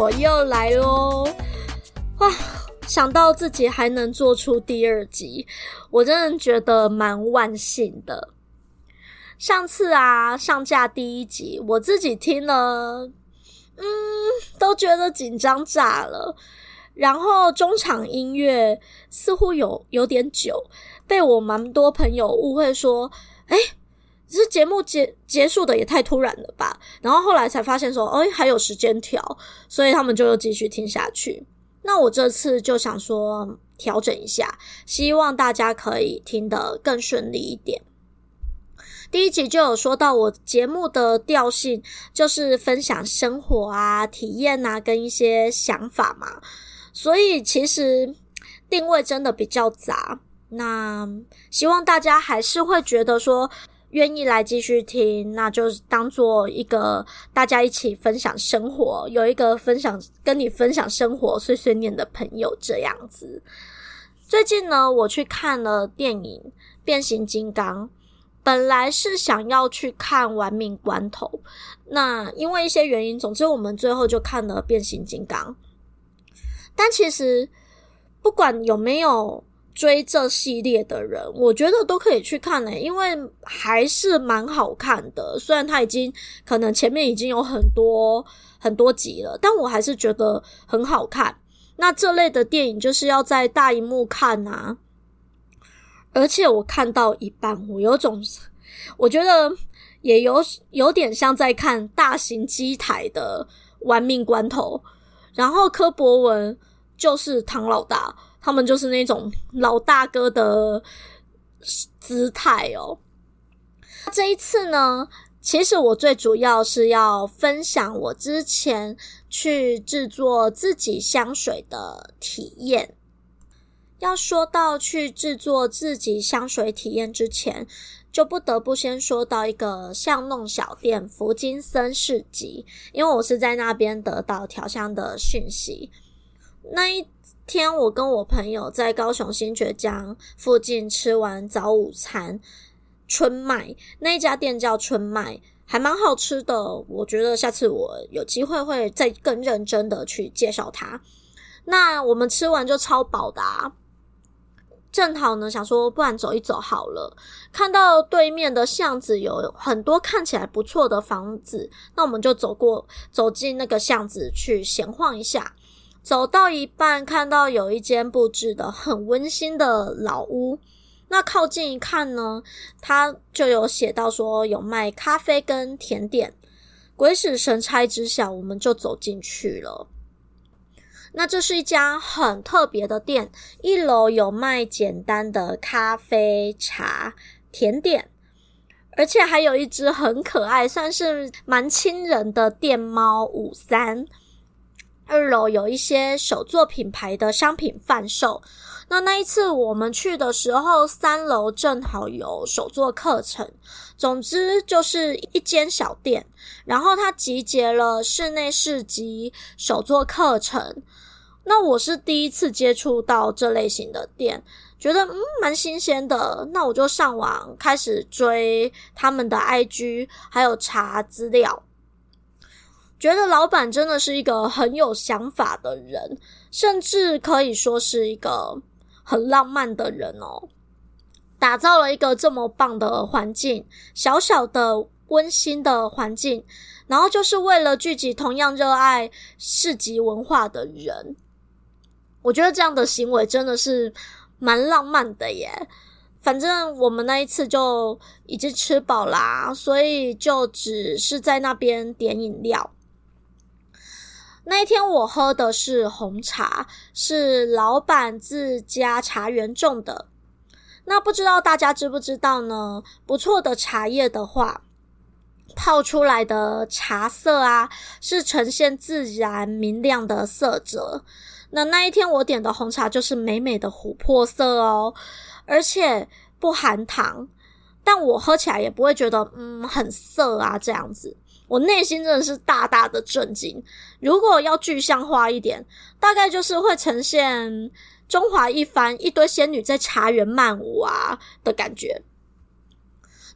我又來嘍！哇，想到自己還能做出第二集，我真的覺得蠻萬幸的。上次啊，上架第一集，我自己聽了，嗯，都覺得緊張炸了。然後中場音樂似乎有有點久，被我蠻多朋友誤會說，欸？只是節目結結束的也太突然了吧，然後後來才發現說，誒、哎，還有時間調，所以他們就又繼續聽下去。那我這次就想說調整一下，希望大家可以聽得更順利一點。第一集就有說到我節目的調性就是分享生活啊、體驗啊跟一些想法嘛，所以其實定位真的比較雜。那希望大家還是會覺得說。願意來繼續聽，那就當做一個大家一起分享生活，有一個分享跟你分享生活碎碎念的朋友這樣子。最近呢，我去看了電影《變形金剛》，本來是想要去看《玩命關頭》，那因為一些原因，總之我們最後就看了《變形金剛》。但其實不管有沒有。追這系列的人，我覺得都可以去看，欸，因為還是蠻好看的。雖然他已經可能前面已經有很多很多集了，但我還是覺得很好看。那這類的電影就是要在大熒幕看吶，啊。而且我看到一半，我有種我覺得也有有點像在看大型機台的玩命關頭。然後柯博文就是唐老大。他們就是那種老大哥的姿態哦。這一次呢，其實我最主要是要分享我之前去制作自己香水的體驗。要說到去制作自己香水體驗之前，就不得不先說到一個巷弄小店——弗金森市集，因為我是在那邊得到調香的訊息。那一。天，我跟我朋友在高雄新崛江附近吃完早午餐，春麥，那一家店叫春麥，還蠻好吃的。我覺得下次我有機會會再更認真的去介紹它。那我們吃完就超飽的啊，正好呢，想說不然走一走好了。看到對面的巷子有很多看起來不錯的房子，那我們就走過走進那個巷子去閒晃一下。走到一半，看到有一間佈置的很溫馨的老屋，那靠近一看呢，它就有寫到說有賣咖啡跟甜點。鬼使神差之下，我們就走進去了。那這是一家很特別的店，一樓有賣簡單的咖啡、茶、甜點，而且還有一隻很可愛、算是蠻親人的店貓五三。二樓有一些手作品牌的商品販售，那那一次我們去的時候，三樓正好有手作課程。總之就是一間小店，然後它集結了室內市集、手作課程。那我是第一次接觸到這類型的店，覺得嗯蠻新鮮的，那我就上網開始追他們的 IG，還有查資料。覺得老板真的是一個很有想法的人，甚至可以說是一個很浪漫的人哦！打造了一個這麼棒的環境，小小的溫馨的環境，然後就是為了聚集同樣熱愛市集文化的人。我覺得這樣的行為真的是蠻浪漫的耶！反正我們那一次就已經吃飽啦啊，所以就只是在那邊點飲料。那一天我喝的是紅茶，是老闆自家茶園種的。那不知道大家知不知道呢？不錯的茶葉的話，泡出來的茶色啊，是呈現自然明亮的色澤。那那一天我點的紅茶就是美美的琥珀色哦，而且不含糖，但我喝起來也不會覺得嗯很澀啊這樣子。我內心真的是大大的震驚。如果要具象化一點，大概就是會呈現中華一番一堆仙女在茶園漫舞啊的感覺。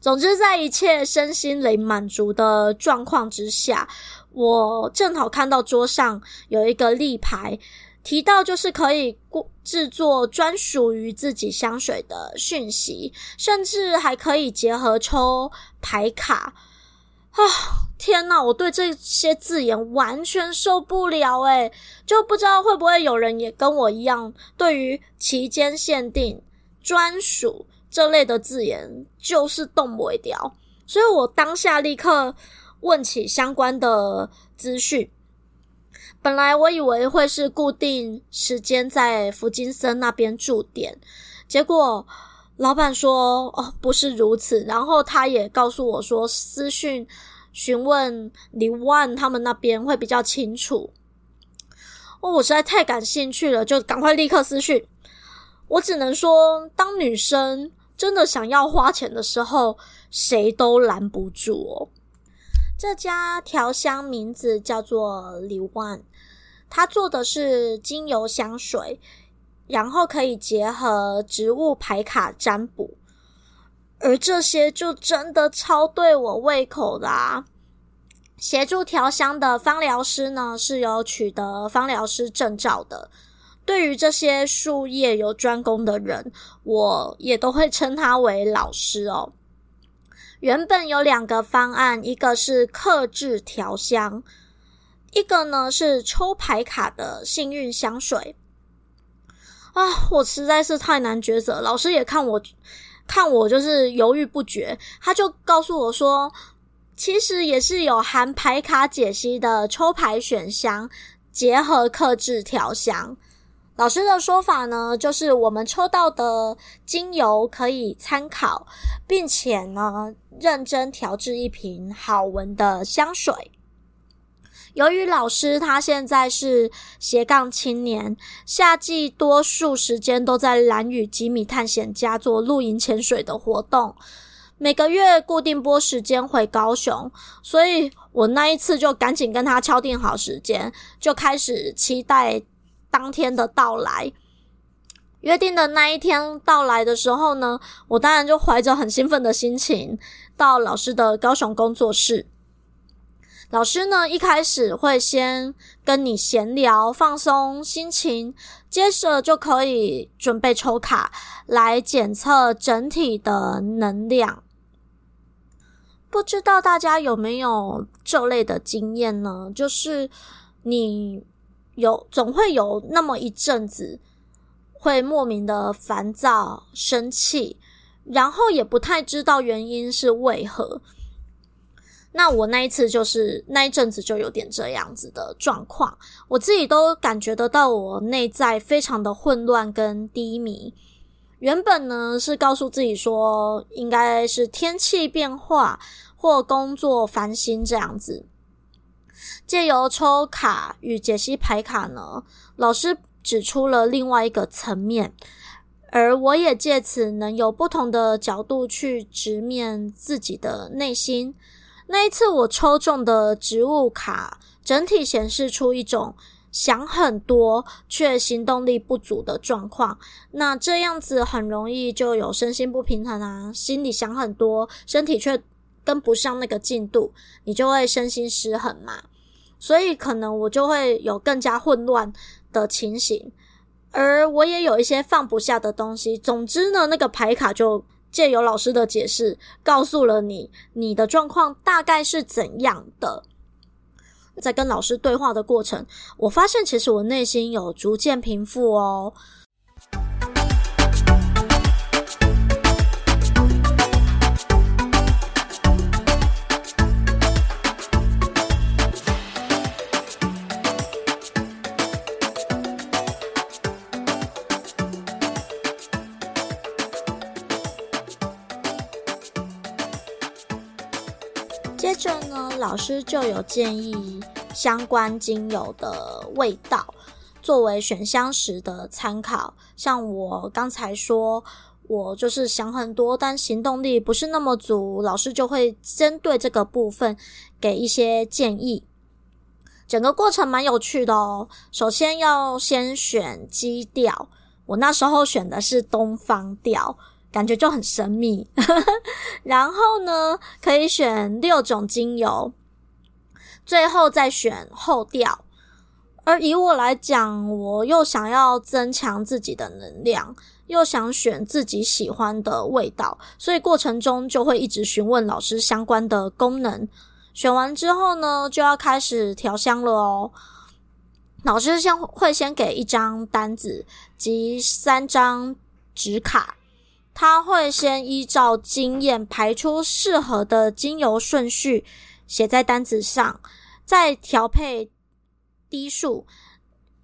總之，在一切身心靈滿足的狀況之下，我正好看到桌上有一個立牌，提到就是可以過製作專屬於自己香水的訊息，甚至還可以結合抽牌卡。啊、哦！天哪，我對這些字眼完全受不了哎！就不知道會不會有人也跟我一樣，對於“期間限定”、“專屬”這類的字眼就是動不了。所以我當下立刻問起相關的資訊。本來我以為會是固定時間在弗金森那邊駐點，結果。老闆說：“哦，不是如此。”然後他也告訴我說：“私訊詢問 Theeone，他們那邊會比較清楚。”哦，我實在太感興趣了，就趕快立刻私訊。我只能說，當女生真的想要花錢的時候，誰都攔不住哦。這家調香名字叫做 Theeone，他做的是精油香水。然後可以結合植物牌卡占卜，而這些就真的超對我胃口啦、啊！協助調香的芳療師呢是有取得芳療師證照的，對於這些術業有專攻的人，我也都會稱他為老師哦。原本有兩個方案，一個是客製調香，一個呢是抽牌卡的幸運香水。啊，我實在是太難抉擇。老師也看我，看我就是猶豫不決，他就告訴我說，其實也是有含牌卡解析的抽牌選項，結合客製調香。老師的說法呢，就是我們抽到的精油可以參考，並且呢，認真調製一瓶好聞的香水。由於老師他現在是斜槓青年，夏季多數時間都在蘭嶼吉米探險家做露營潛水的活動，每個月固定撥時間回高雄，所以我那一次就趕緊跟他敲定好時間，就開始期待當天的到來。約定的那一天到來的時候呢，我當然就懷着很興奮的心情到老師的高雄工作室。老師呢，一開始會先跟你閒聊，放鬆心情，接着就可以準備抽卡來檢測整體的能量。不知道大家有沒有這類的經驗呢？就是你有，總會有那麼一陣子會莫名的煩躁、生氣，然後也不太知道原因是為何。那我那一次就是那一陣子就有點這樣子的狀況，我自己都感覺得到我內在非常的混亂跟低迷。原本呢是告訴自己說應該是天氣變化或工作煩心這樣子，借由抽卡與解析牌卡呢，老師指出了另外一個層面，而我也借此能有不同的角度去直面自己的內心。那一次我抽中的植物卡，整體顯示出一種想很多卻行動力不足的狀況。那這樣子很容易就有身心不平衡啊，心裡想很多，身體卻跟不上那個進度，你就會身心失衡嘛、啊。所以可能我就會有更加混亂的情形，而我也有一些放不下的東西。總之呢，那個牌卡就。借由老師的解釋，告訴了你你的狀況大概是怎樣的。在跟老師對話的過程，我發現其實我內心有逐漸平復哦。老師就有建議相關精油的味道作為選香時的參考，像我剛才說，我就是想很多，但行動力不是那麼足，老師就會針對這個部分給一些建議。整個過程蠻有趣的哦。首先要先選基調，我那時候選的是東方調，感覺就很神秘。 然後呢，可以選六種精油。最後再選後調，而以我來講，我又想要增強自己的能量，又想選自己喜歡的味道，所以過程中就會一直詢問老師相關的功能。選完之後呢，就要開始調香了哦、喔。老師先會先給一張單子及三張紙卡，他會先依照經驗排出適合的精油順序。寫在單子上，再調配滴數，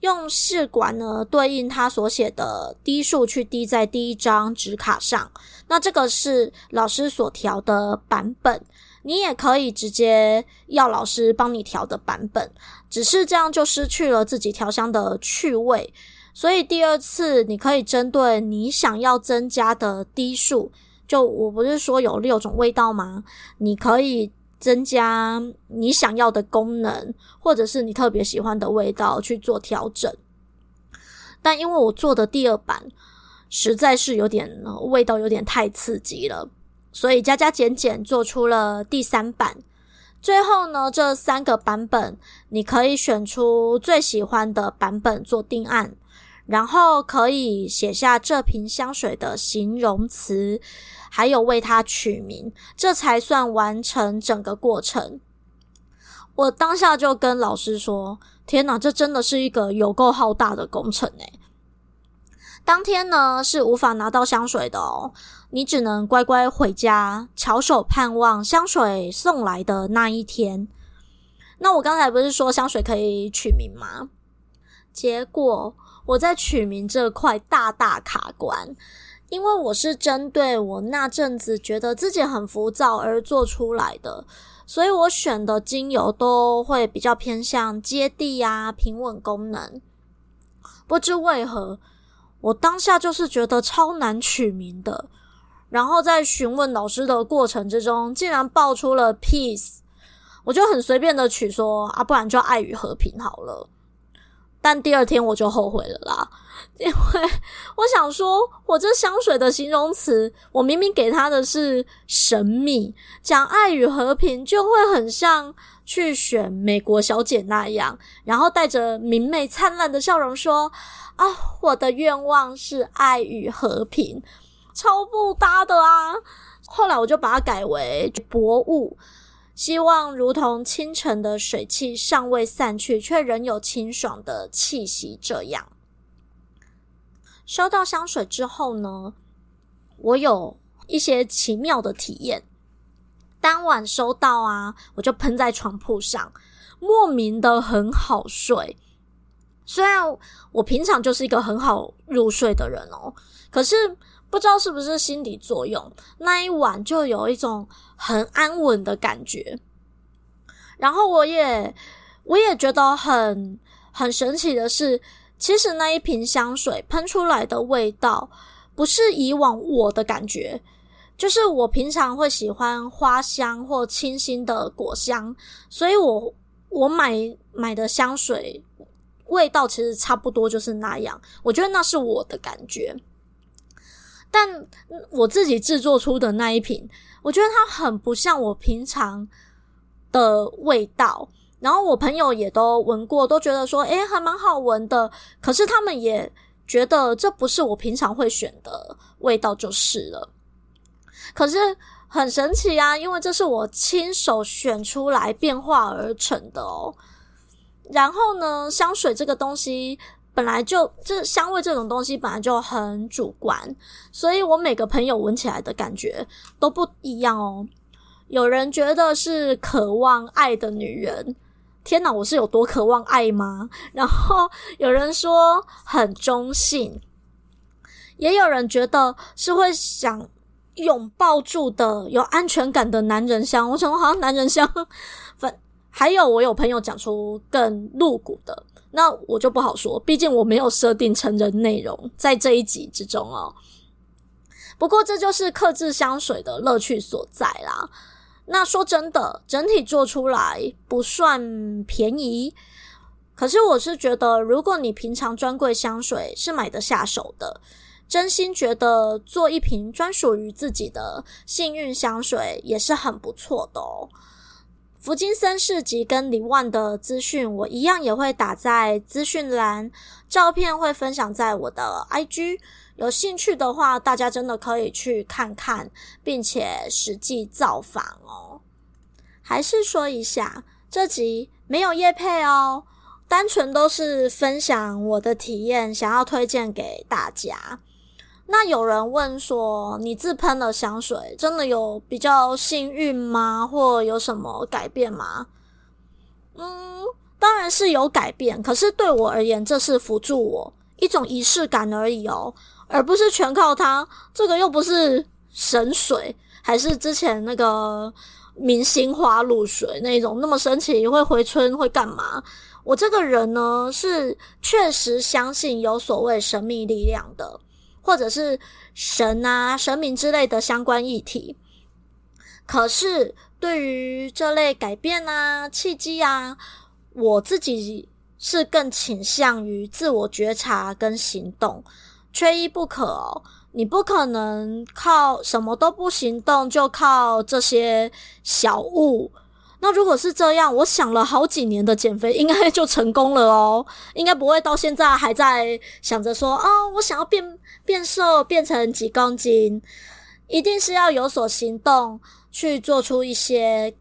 用試管呢，對應他所寫的滴數去滴在第一張紙卡上。那這個是老師所調的版本，你也可以直接要老師幫你調的版本，只是這樣就失去了自己調香的趣味。所以第二次你可以針對你想要增加的滴數，就我不是說有六種味道嗎？你可以。增加你想要的功能，或者是你特別喜歡的味道去做調整。但因為我做的第二版實在是有點味道有點太刺激了，所以加加減減做出了第三版。最後呢，這三個版本你可以選出最喜歡的版本做定案。然後可以寫下這瓶香水的形容詞，還有為它取名，這才算完成整個過程。我當下就跟老師說：“天哪，這真的是一個有夠浩大的工程哎！”當天呢是無法拿到香水的哦，你只能乖乖回家，翹首盼望香水送來的那一天。那我剛才不是說香水可以取名嗎？結果，我在取名這塊大大卡關，因為我是針對我那陣子覺得自己很浮躁而做出來的，所以我選的精油都會比較偏向接地啊，平穩功能。不知為何，我當下就是覺得超難取名的，然後在詢問老師的過程之中，竟然爆出了 peace，我就很隨便的取說，啊，不然就愛與和平好了。但第二天我就後悔了啦，因為我想說，我這香水的形容詞，我明明給他的是神秘，講愛與和平，就會很像去選美國小姐那樣，然後帶着明媚燦爛的笑容說：“啊，我的願望是愛與和平，超不搭的啊。”後來我就把它改為博物。希望如同清晨的水汽尚未散去，卻仍有清爽的氣息這樣。收到香水之後呢，我有一些奇妙的體驗。當晚收到啊，我就噴在床鋪上，莫名的很好睡。雖然我平常就是一個很好入睡的人哦，可是。不知道是不是心理作用，那一晚就有一種很安穩的感覺。然後我也我也覺得很很神奇的是，其實那一瓶香水噴出來的味道不是以往我的感覺，就是我平常會喜歡花香或清新的果香，所以我我買買的香水味道其實差不多就是那樣。我覺得那是我的感覺。但我自己製作出的那一瓶，我覺得它很不像我平常的味道。然後我朋友也都聞過，都覺得說，誒，還蠻好聞的。可是他們也覺得這不是我平常會選的味道，就是了。可是很神奇啊，因為這是我親手選出來變化而成的哦。然後呢，香水這個東西。本來就這香味這種東西本來就很主觀，所以我每個朋友聞起來的感覺都不一樣哦。有人覺得是渴望愛的女人，天哪，我是有多渴望愛嗎？然後有人說很中性，也有人覺得是會想擁抱住的有安全感的男人香。我想我好像男人香。還有我有朋友講出更露骨的。那我就不好說，畢竟我沒有設定成人內容在這一集之中哦。不過這就是客製香水的樂趣所在啦。那說真的，整體做出來不算便宜，可是我是覺得，如果你平常專櫃香水是買得下手的，真心覺得做一瓶專屬於自己的幸運香水也是很不錯的哦。弗金森市集跟林萬的資訊，我一樣也會打在資訊欄，照片會分享在我的 IG。有興趣的話，大家真的可以去看看，並且實際造訪哦、喔。還是說一下，這集沒有業配哦、喔，單純都是分享我的體驗，想要推薦給大家。那有人問說，你自噴了香水真的有比較幸運嗎？或有什麼改變嗎？嗯，當然是有改變，可是對我而言，這是輔助我一種儀式感而已哦，而不是全靠它。這個又不是神水，還是之前那個明星花露水那種那麼神奇會回春會幹嘛？我這個人呢，是確實相信有所謂神秘力量的。或者是神啊、神明之類的相關議題，可是對於這類改變啊、契機啊，我自己是更傾向於自我覺察跟行動，缺一不可哦。你不可能靠什麼都不行動，就靠這些小物。那如果是這樣，我想了好幾年的減肥應該就成功了哦，應該不會到現在還在想着說啊、哦，我想要變變瘦，變成幾公斤，一定是要有所行動去做出一些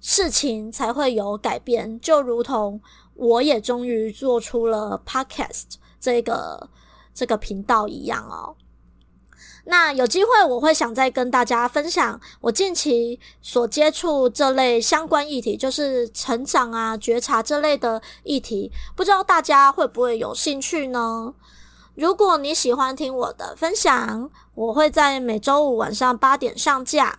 事情才會有改變。就如同我也終於做出了 Podcast 這個這個頻道一樣哦。那有機會我會想再跟大家分享我近期所接觸這類相關議題，就是成長啊、覺察這類的議題，不知道大家會不會有興趣呢？如果你喜歡聽我的分享，我會在每周五晚上八點上架。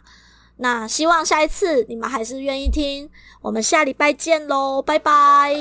那希望下一次你們還是願意聽，我們下禮拜見嘍，拜拜。